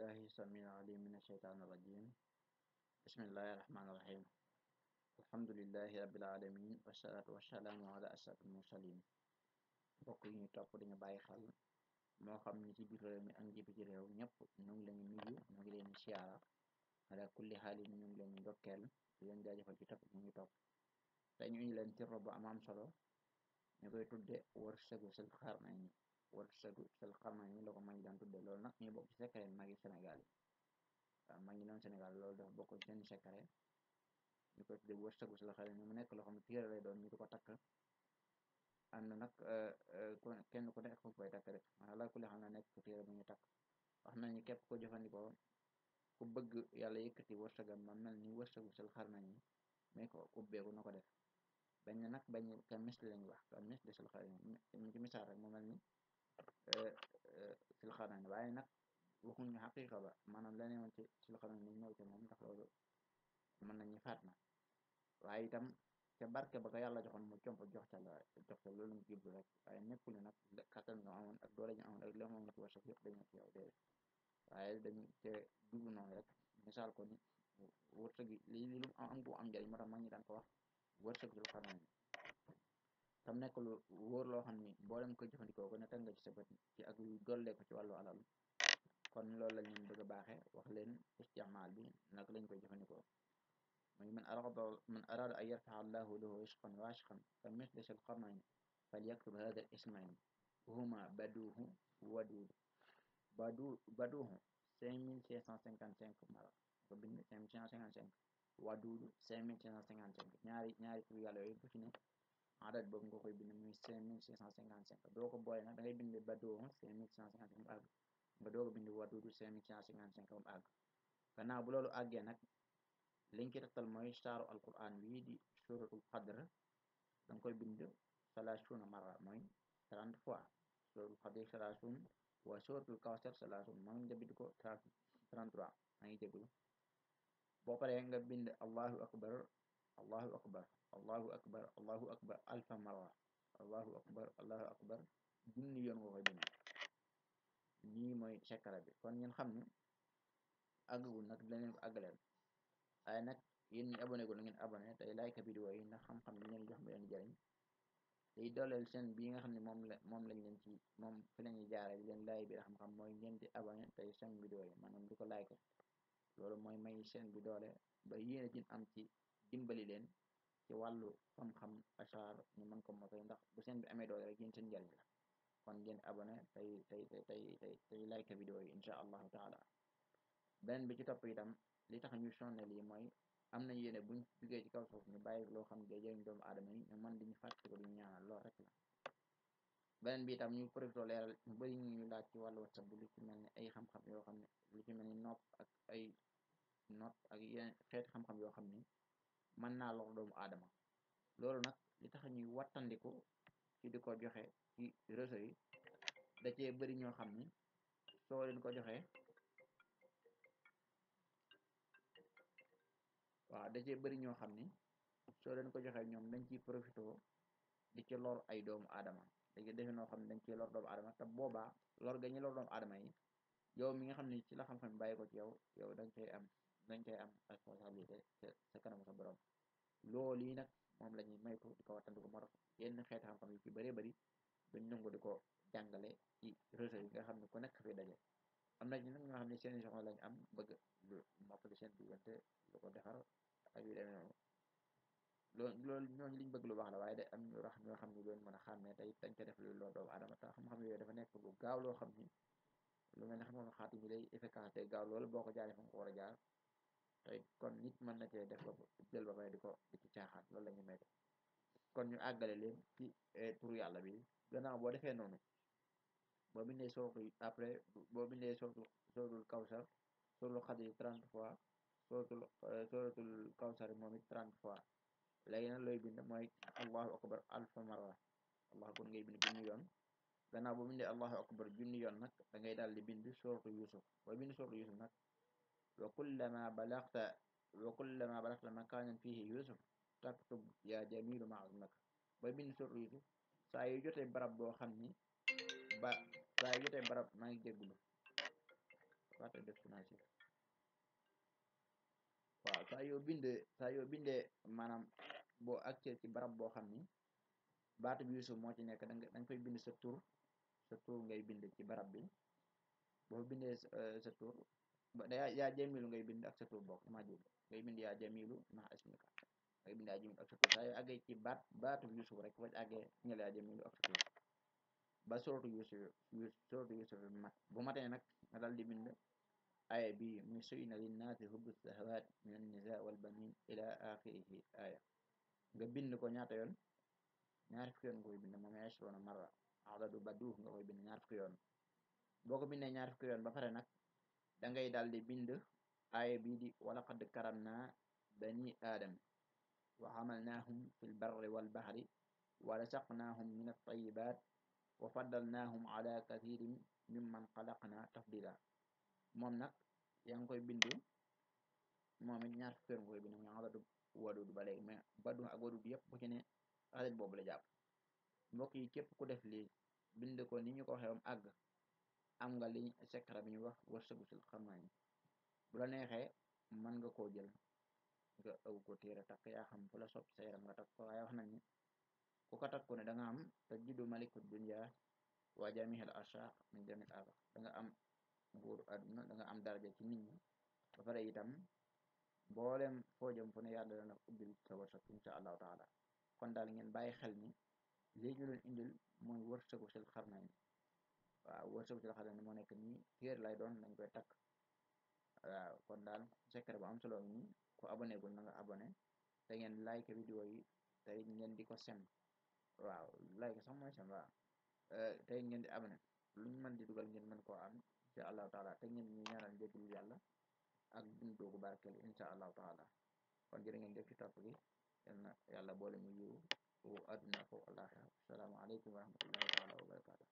بالله السميع العليم من الشيطان الرجيم بسم الله الرحمن الرحيم الحمد لله رب العالمين والصلاة والسلام على أشرف المرسلين mbokk yi ñu topp dañu bàyyi xel moo xam ni ci biir réew mi ak ñi biti ñëpp ñu ngi leen nuyu ñu ngi leen siyaara ala kulli xaalin ñu ngi leen ndokkeel di leen jaajëfal ci topp ñu ngi topp tey leen ci rob bu am am solo ñu koy tudde wërsëgu sil xaar na nañu war sa sel xam na ni la ko mag ñi daan tuddee loolu nag ñu bokk ci secret mag yi Sénégal yi waaw mag ñi doon Sénégal loolu dafa bokk ci seen secret ñu koy tuddee wërsëgu si la xel ni mu nekk loo xam ne téere lay doon ñu di ko takk am na nag euh, euh, kenn ku nekk foofu koy takk rek maanaam laa ku le xam ne nekk téere bu ñu takk wax nañu képp ko jëfandikoo ku bëgg yàlla yëkkati wërsëgam ma mel ni wërsëgu sel xar ni mais ko ubbeeku na ko def bañ na nag bañ wax kan misli sel xar ñu ci misaal rek mu mel ni fil xarnayn waaye nag waxuñu xaqiqa ba maanaam la newoon ci fil xarnayn nañ ñëw ci moom ndax loolu mën nañu faat na waaye itam ca barke ba ko yàlla joxoon mu comp jox ca la jox ca loolu ñu jublu rek waaye nekkul ne nag kattan nga amoon ak doole ñu amoon ak li amoon nga ci wërsëg yëpp dañu ci yow déedéet waaye dañu ca jublu noonu rek misaal ko ni wërsëg yi li lu am am ko am njëriñ moo tax mag ñi daan ko wax wërsëg fil xarnayn Thumbnacle wóor loo xam ni mboolem ko jëfandikoo ko nekk nga ci sa bët ci ak dolleeku ci wàllu alal kon loolu la leen bëgg a baaxee wax leen istimaal bi naka lañ koy jëfandikoo muy man arada man arada an yarfaxa allahu lahu risqan waasixan fa misle sil qarnayn falyaktub hada al ismayn huma baduuhu waduud badu baduuhu cinq mille cinq cent cinquante cinq mara ko bind cinq mille cinq cent cinquante cinq waduud cinq mille cinq cent cinquante cinq ñaari ñaari tur yàlla yooyu bu ci ne adad boobu nga koy bind muy cinq mille cinq cent cinquante cinq doo ko boole nag da ngay bind badoo cinq mille cinq cent cinquante cinq nga doo ko bind wadudu cinq mille cinq cent cinquante cinq mu àgg gannaaw bu loolu àggee nag liñ ci tegtal mooy nga koy bind salaasuuna marra mooy trente fois suratul qadr salaasuun wa suratul kawsar salaasuun mooy nga bind ko trente trois maa ngi jégalu boo paree nga bind allahu akbar allahu akbar allahu akbar allahu akbar alfa marra allahu akbar allahu akbar junni yoon nga koy bind lii mooy cekara bi kon ngeen xam ne àggagul nag dinañ ko àggaleel waaye nag yéen ñi abonné gu na ngeen abonné tey like vidéo yi ndax xam-xam yi ngeen jox mi leen jëriñ day dooleel seen bii nga xam ne moom la moom lañ leen ci moom fi lañuy jaare di leen laay bi da xam-xam mooy ngeen di abonné tey seen vidéo yi maanaam di ko like loolu mooy may seen bi doole ba yéen a jën am ci dimbali leen ci wàllu xam-xam achar ñu mën kom mokkal ndax bu seen bi amee doole rek yéen seen njariñ la kon ngeen abonné tey tey tey tey tey like vidéo yi incha allahu taala beneen bi ci topp itam li tax ñu sonné lii mooy am nañu yéene buñ jugee ci kaw suuf ñu bàyyi loo xam ne jëriñ doomu aadama yi ñu mën di ñu fàtte ko duñu ñaanal lool rek la beneen bi itam ñu profité leeral ñu bëri ñu ñu laaj ci wàllu whatsapp bi lu ci mel ni ay xam-xam yoo xam ne lu ci mel ni nopp ak ay nopp ak yeneen xeeti xam-xam yoo xam ni mën naa lor doomu aadama loolu nag li tax ñuy wattandiku ci di ko joxe ci réseau yi da cee bari ñoo xam ni soo leen ko joxee waaw da cee bëri ñoo xam ni soo leen ko joxee ñoom dañ ciy profité di ci lor ay doomu aadama léegi defe noo xam ne dañ ciy lor doomu aadama te boobaa lor ga ñu lor doomu aadama yi yow mi nga xam ne ci la xam-xam bàyyi ko ci yow yow dañ cay am dañ cay am responsabilité borom loolu yi nag moom la ñuy maytu di ko wattandiku moo tax yenn xeet xam-xam yu ci bare bëri duñ nangu di ko jàngale ci réseau yi nga xam ne ko nekk fi daje am na ñu nag ñoo xam ne seen soxla lañ am bëgg lu mottali seen diggante lu ko defar ak yu demee noonu loolu loolu ñooñu liñ bëgg lu baax la waaye de am rax ñoo xam ne doon mën a xàmmee tey dañ ko def lu loo doomu aadama te xam-xam yooyu dafa nekk lu gaaw loo xam ni lu mel ne xam-xam xaati mi lay efficace te gaaw lool boo ko jaaree fa nga ko war a jaar tey kon nit mën na cee def ba jël ba pare di ko di ci caaxaan loolu lañu ñu kon ñu àggale leen ci eh, turu yàlla bi gannaaw boo defee noonu boo bindee sooratul après boo bindee sooratul sooratul kawsar sooratul xadri trente fois sooratul eh, sooratul kawsar moom it trente fois léegi nag looy bind mooy allahu akbar alfa marra allahu akbar ngay bind junni yoon gannaaw boo bindee allahu akbar junni yoon nag da ngay daal di bind sooratu yusuf boo bind sooratu yusuf nag وكلما بلغت وكلما بلغت مكانا فيه يوسف تكتب يا جميل ma azmaka ba bind sur yusuf saa yu jotee barab boo xam ni ba saa yu jotee maa ngi jéggulu fàtte def naa si saa yoo maanaam boo accès ci barab boo xam ni baatu bi moo ci nekk da nga koy bind sa tur sa ngay bind ci barab bi boo bindee sa ya ya jamilu ngay bind ak sa tur bokk dama jub ngay bind ya jamilu ma asmika baatu yusuf rek faj àggee ñële ba sorotu yusuf sorotu yusuf bi mat bu matee nag nga dal di bind aya bi muy suyna linnaasi hubbu sahawaat min annisa nga bind ko ñaata yoon ñaar fukki yoon nga koy bind moom yashroona marra adadu baduux nga koy bind ñaar fukki yoon boo ko bindee ñaar fukki yoon ba pare nag dangay daal di bind aaya bii di walaqad karam naa bani aadam wa xamalnaahum fi lbarri walbahri wa rasaqnaahum min altayibat wa faddalnaahum ala kathirin mimman xalaqna tafdila moom nag yaa ngi koy bind moom it ñaar fukkeer nga koy bind muy adadu wadud ba léegi mais badu ak wadud yëpp bu ci ne adat boobu la jàpp yi képp ku def lii bind ko ni ñu ko waxee àgg am nga liñ secret bi ñu wax wërsëgu sul xamaani bu la neexee mën nga koo jël nga ëw ko téere takk yaa xam fu la sopp sa yaram nga takk ko waaye wax nañ ni ku ko takku ne da nga am te juddu malikut dunya wa jamihil ashaq min jamil abaq da nga am nguur àdduna da nga am daraja ci nit ñi ba pare itam mboolem foo jëm fu ne yàlla dana ubbil sa wërsëg insha allahu taala kon daal ngeen bàyyi xel ni léegi ñu leen indil mooy wërsëgu sul xarnayn waaw wërsëgu ci loxo la moo nekk nii téere lay doon nañ koy takk kon daal secret bu am solo nii ku abonné gul na nga abonné te ngeen like vidéo yi te ngeen di ko sem waaw like sax mooy sem waaw eh, te ngeen di abonné luñ mën di dugal ngeen mën koo am incha allahu taala te ngeen ñu ñaanal yàlla ak dundu gu barkeel incha allahu taala kon jërë ngeen def ci topp gi yal na yàlla boole mu yiw wu adduna ko alaxira asalaamaaleykum wa rahmatullahi taala wa barakatuh